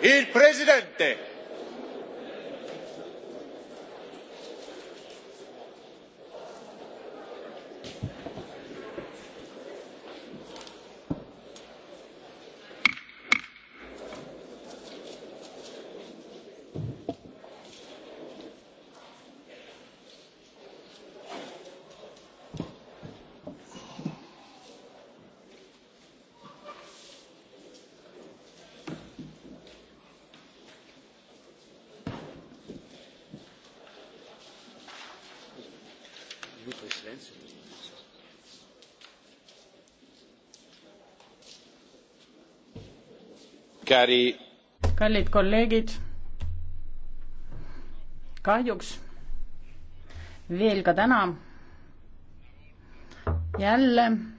Il Presidente. kallid kolleegid kahjuks veel ka täna jälle